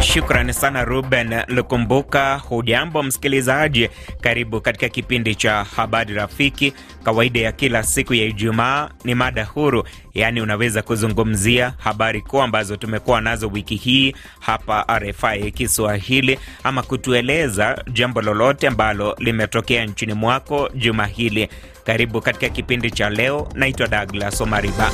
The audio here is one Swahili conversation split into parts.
Shukrani sana Ruben Lukumbuka. Hujambo msikilizaji, karibu katika kipindi cha habari rafiki. Kawaida ya kila siku ya Ijumaa ni mada huru, yaani unaweza kuzungumzia habari kuu ambazo tumekuwa nazo wiki hii hapa RFI Kiswahili, ama kutueleza jambo lolote ambalo limetokea nchini mwako juma hili. Karibu katika kipindi cha leo. Naitwa Douglas Omariba.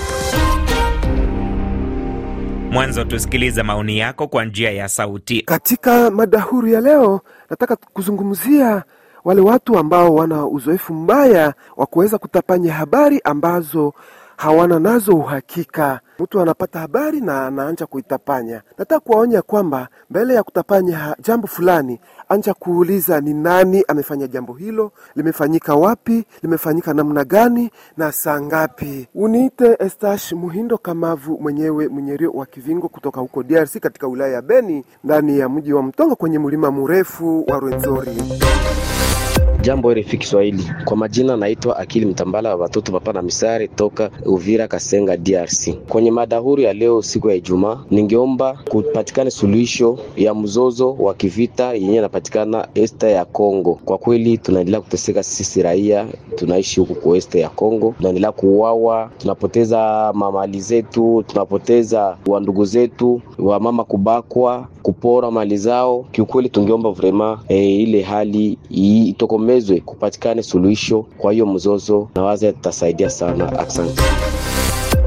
Mwanzo tusikiliza maoni yako kwa njia ya sauti. Katika madahuru ya leo, nataka kuzungumzia wale watu ambao wana uzoefu mbaya wa kuweza kutapanya habari ambazo hawana nazo uhakika. Mtu anapata habari na anaanja kuitapanya. Nataka kuwaonya kwamba mbele ya kutapanya jambo fulani, anja kuuliza ni nani amefanya jambo hilo, limefanyika wapi, limefanyika namna gani na saa ngapi. Uniite Estash Muhindo Kamavu, mwenyewe mwenyerio wa Kivingo kutoka huko DRC, katika wilaya ya Beni, ndani ya mji wa Mtongo, kwenye mlima mrefu wa Rwenzori. Jambo RFI Kiswahili, kwa majina naitwa Akili Mtambala wa watoto papa na misari toka Uvira Kasenga, DRC. Kwenye madahuru ya leo siku ya Ijumaa, ningeomba kupatikana suluhisho ya mzozo wa kivita yenye inapatikana este ya Kongo. Kwa kweli tunaendelea kuteseka sisi raia, tunaishi huku kwa este ya Kongo, tunaendelea kuuawa, tunapoteza mamali zetu, tunapoteza wandugu zetu, wamama kubakwa, kupora mali zao. Kiukweli tungeomba vrema e, ile hali itokomezwe iwezwe kupatikane suluhisho kwa hiyo mzozo, na waza tutasaidia sana. Asante.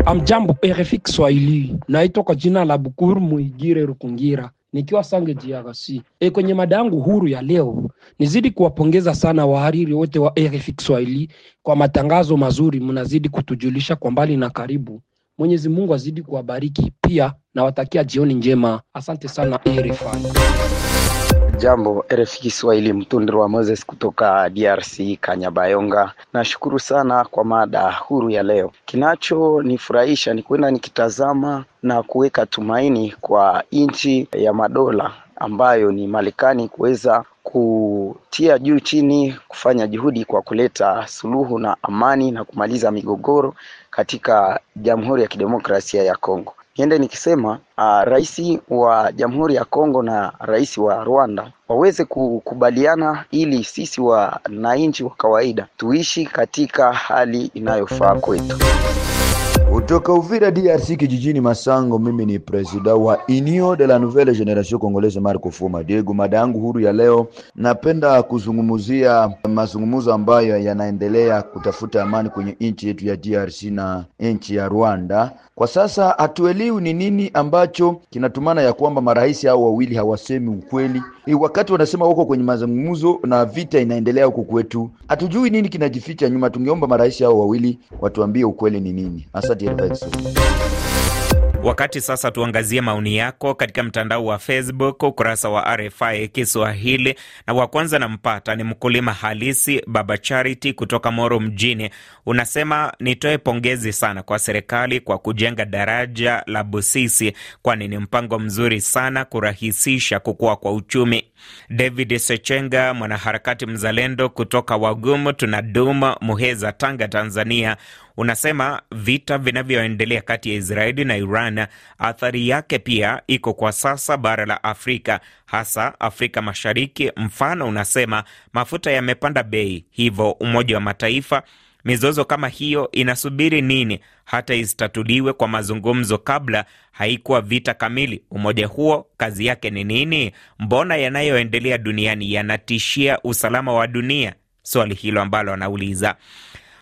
Amjambo, RFI Kiswahili, naitwa kwa jina la Bukuru Muigire Rukungira nikiwa Sange DRC. E, kwenye mada yangu huru ya leo nizidi kuwapongeza sana wahariri wote wa RFI Kiswahili kwa matangazo mazuri, mnazidi kutujulisha kwa mbali na karibu. Mwenyezi Mungu azidi kuwabariki, pia nawatakia jioni njema. Asante sana RFI. Jambo RFI Kiswahili, Mtundiro wa Moses kutoka DRC Kanyabayonga. Nashukuru sana kwa mada huru ya leo. Kinachonifurahisha ni kwenda nikitazama na kuweka tumaini kwa nchi ya madola ambayo ni Marekani kuweza kutia juu chini kufanya juhudi kwa kuleta suluhu na amani na kumaliza migogoro katika Jamhuri ya Kidemokrasia ya Kongo niende nikisema uh, rais wa Jamhuri ya Kongo na rais wa Rwanda waweze kukubaliana ili sisi wananchi wa kawaida tuishi katika hali inayofaa kwetu. Kutoka Uvira DRC kijijini Masango, mimi ni presida wa Union de la Nouvelle Generation Congolaise Marco Fuma Diego. Mada yangu huru ya leo, napenda kuzungumzia mazungumzo ambayo yanaendelea kutafuta amani kwenye nchi yetu ya DRC na nchi ya Rwanda. Kwa sasa hatuelewi ni nini ambacho kinatumana ya kwamba marais hao wawili hawasemi ukweli ni wakati wanasema wako kwenye mazungumzo na vita inaendelea huko kwetu, hatujui nini kinajificha nyuma. Tungeomba marais hao wawili watuambie ukweli ni nini. Asante. Wakati sasa tuangazie maoni yako katika mtandao wa Facebook, ukurasa wa RFI Kiswahili. Na wa kwanza nampata ni mkulima halisi Baba Charity kutoka Moro mjini, unasema nitoe pongezi sana kwa serikali kwa kujenga daraja la Busisi, kwani ni mpango mzuri sana kurahisisha kukua kwa uchumi. David Sechenga, mwanaharakati mzalendo kutoka Wagumu tuna duma Muheza, Tanga, Tanzania unasema vita vinavyoendelea kati ya Israeli na Iran, athari yake pia iko kwa sasa bara la Afrika, hasa Afrika Mashariki. Mfano unasema mafuta yamepanda bei, hivyo Umoja wa Mataifa mizozo kama hiyo inasubiri nini hata isitatuliwe kwa mazungumzo? Kabla haikuwa vita kamili. Umoja huo kazi yake ni nini? Mbona yanayoendelea duniani yanatishia usalama wa dunia? Swali hilo ambalo anauliza.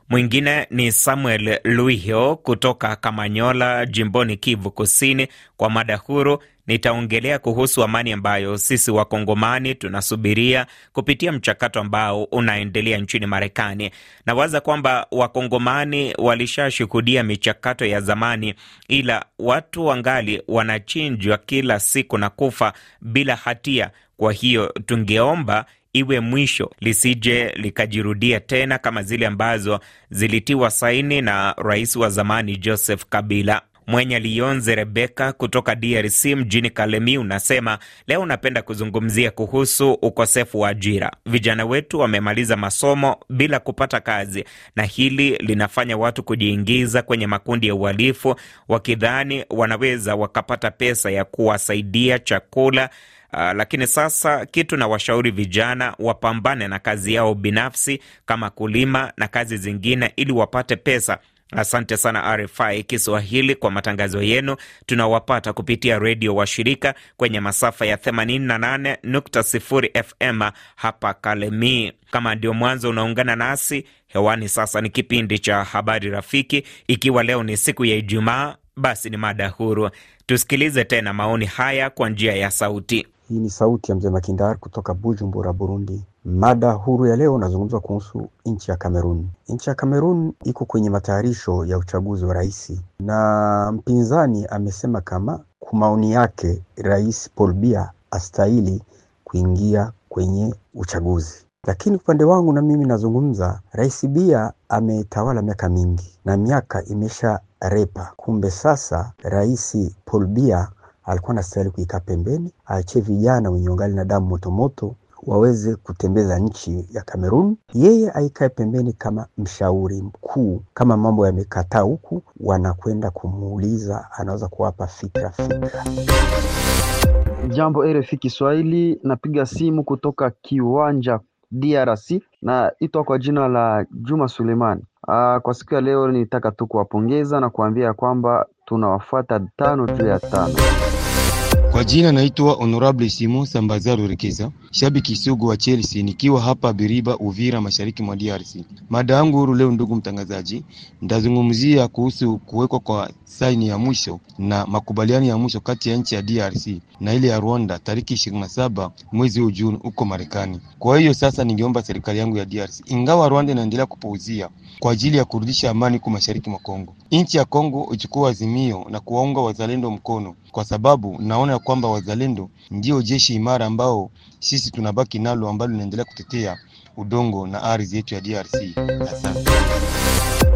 Mwingine ni Samuel Luihyo kutoka Kamanyola, jimboni Kivu Kusini. Kwa mada huru nitaongelea kuhusu amani ambayo sisi wakongomani tunasubiria kupitia mchakato ambao unaendelea nchini Marekani. Nawaza kwamba wakongomani walishashuhudia michakato ya zamani, ila watu wangali wanachinjwa kila siku na kufa bila hatia. Kwa hiyo tungeomba iwe mwisho, lisije likajirudia tena kama zile ambazo zilitiwa saini na rais wa zamani Joseph Kabila. mwenye Lionze Rebeka kutoka DRC mjini Kalemi unasema leo unapenda kuzungumzia kuhusu ukosefu wa ajira. Vijana wetu wamemaliza masomo bila kupata kazi, na hili linafanya watu kujiingiza kwenye makundi ya uhalifu, wakidhani wanaweza wakapata pesa ya kuwasaidia chakula Uh, lakini sasa kitu na washauri vijana wapambane na kazi yao binafsi kama kulima na kazi zingine ili wapate pesa. Asante sana RFI Kiswahili kwa matangazo yenu. Tunawapata kupitia redio wa shirika kwenye masafa ya 88.0 FM hapa kalemi Kama ndio mwanzo unaungana nasi hewani, sasa ni kipindi cha Habari Rafiki. Ikiwa leo ni siku ya Ijumaa, basi ni mada huru. Tusikilize tena maoni haya kwa njia ya sauti. Hii ni sauti ya mzee Makindar kutoka Bujumbura, Burundi. Mada huru ya leo nazungumza kuhusu nchi ya Kamerun. Nchi ya Kamerun iko kwenye matayarisho ya uchaguzi wa rais, na mpinzani amesema kama kwa maoni yake Rais Paul bia astahili kuingia kwenye uchaguzi. Lakini upande wangu na mimi nazungumza, Rais bia ametawala miaka mingi na miaka imesha repa. Kumbe sasa Rais Paul bia alikuwa anastahili kuikaa pembeni, aachie vijana wenye ungali na damu motomoto waweze kutembeza nchi ya Kamerun, yeye aikae pembeni kama mshauri mkuu. Kama mambo yamekataa huku, wanakwenda kumuuliza, anaweza kuwapa fikra fikra. Jambo RFI Kiswahili, napiga simu kutoka Kiwanja DRC na itwa kwa jina la Juma Suleiman. Ah, kwa siku ya leo nitaka tu kuwapongeza na kuambia kwamba tunawafuata tano juu ya tano. Kwa jina naitwa Honorable Simon Sambazaru Rekeza, shabiki sugu wa Chelsea nikiwa hapa Biriba, Uvira, mashariki mwa DRC. Mada yangu huru leo, ndugu mtangazaji, ndazungumzia kuhusu kuwekwa kwa saini ya mwisho na makubaliano ya mwisho kati ya nchi ya DRC na ile ya Rwanda tariki 27 mwezi huu Juni huko Marekani. Kwa hiyo sasa, ningeomba serikali yangu ya DRC, ingawa Rwanda inaendelea kupuuzia kwa ajili ya kurudisha amani kwa mashariki mwa Kongo, nchi ya Kongo ichukua azimio na kuwaunga wazalendo mkono, kwa sababu naona kwamba wazalendo ndio jeshi imara ambao sisi sisi tunabaki nalo ambalo linaendelea kutetea udongo na ardhi yetu ya DRC Asante.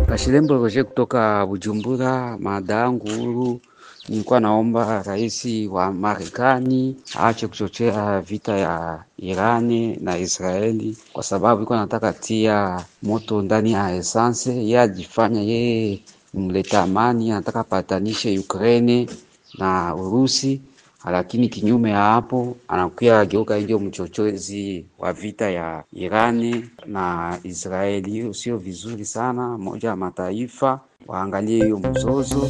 Kashilembo Roje kutoka Bujumbura, madaangu huru. Nilikuwa naomba rais wa Marekani aache kuchochea vita ya Irani na Israeli kwa sababu iko nataka tia moto ndani ya esanse. ye ajifanya yeye mleta amani, anataka patanishe Ukraine na Urusi lakini kinyume ya hapo anakuya geuka ndio mchochozi wa vita ya Irani na Israeli. Hiyo sio vizuri sana. Moja ya mataifa waangalie hiyo mzozo.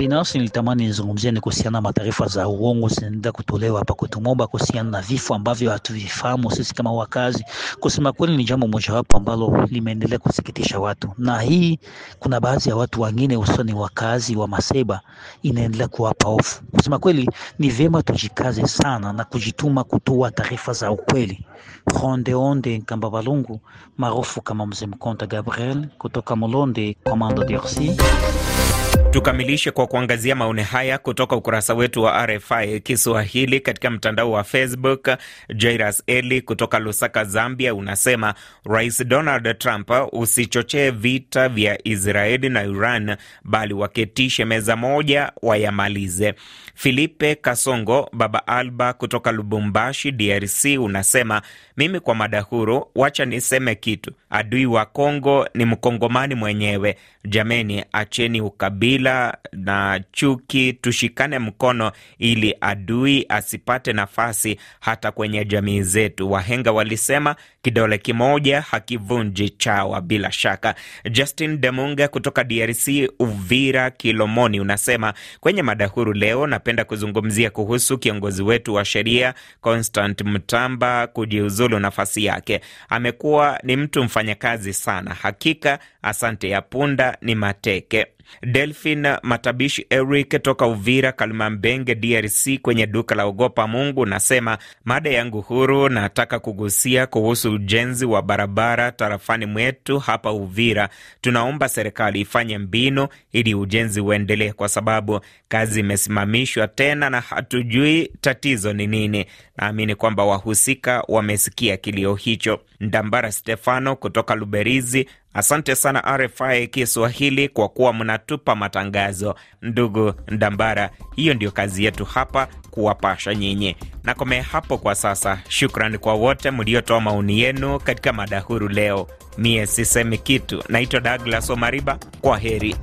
Binafsi nilitamani nizungumzie ni kuhusiana na taarifa za uongo zinaenda kutolewa hapa kwetu Moba kuhusiana na vifo ambavyo hatuvifahamu sisi kama wakazi. Kusema kweli, ni jambo mojawapo ambalo limeendelea kusikitisha watu, na hii kuna baadhi ya watu wengine ni wakazi wa Maseba inaendelea kuwapa hofu. Kusema kweli, ni vyema tujikaze sana na kujituma kutoa taarifa za ukweli. Ronde onde Nkamba Balungu maarufu kama Mzee Mkonta Gabriel kutoka Mulonde, Commando DRC. Tukamilishe kwa kuangazia maoni haya kutoka ukurasa wetu wa RFI Kiswahili katika mtandao wa Facebook. Jairas Eli kutoka Lusaka, Zambia, unasema Rais Donald Trump, usichochee vita vya Israeli na Iran, bali waketishe meza moja wayamalize. Filipe Kasongo Baba Alba kutoka Lubumbashi, DRC, unasema mimi kwa mada huru, wacha niseme kitu, adui wa Kongo ni mkongomani mwenyewe. Jameni, acheni ukabili ukabila na chuki, tushikane mkono ili adui asipate nafasi hata kwenye jamii zetu. Wahenga walisema kidole kimoja hakivunji chawa. Bila shaka, Justin Demunga kutoka DRC, Uvira Kilomoni, unasema kwenye mada huru leo, napenda kuzungumzia kuhusu kiongozi wetu wa sheria Constant mtamba kujiuzulu nafasi yake. Amekuwa ni mtu mfanyakazi sana, hakika Asante ya punda ni mateke. Delphin Matabishi Eric toka Uvira Kalimambenge, DRC, kwenye duka la Ogopa Mungu nasema mada yangu huru, nataka kugusia kuhusu ujenzi wa barabara tarafani mwetu hapa Uvira. Tunaomba serikali ifanye mbinu ili ujenzi uendelee, kwa sababu kazi imesimamishwa tena na hatujui tatizo ni nini. Naamini kwamba wahusika wamesikia kilio hicho. Ndambara Stefano kutoka Luberizi Asante sana RFI Kiswahili kwa kuwa mnatupa matangazo. Ndugu Ndambara, hiyo ndio kazi yetu hapa, kuwapasha nyinyi. Nakomea hapo kwa sasa. Shukrani kwa wote mliotoa maoni yenu katika mada huru leo. Mie sisemi kitu, naitwa Douglas Omariba. Kwa heri.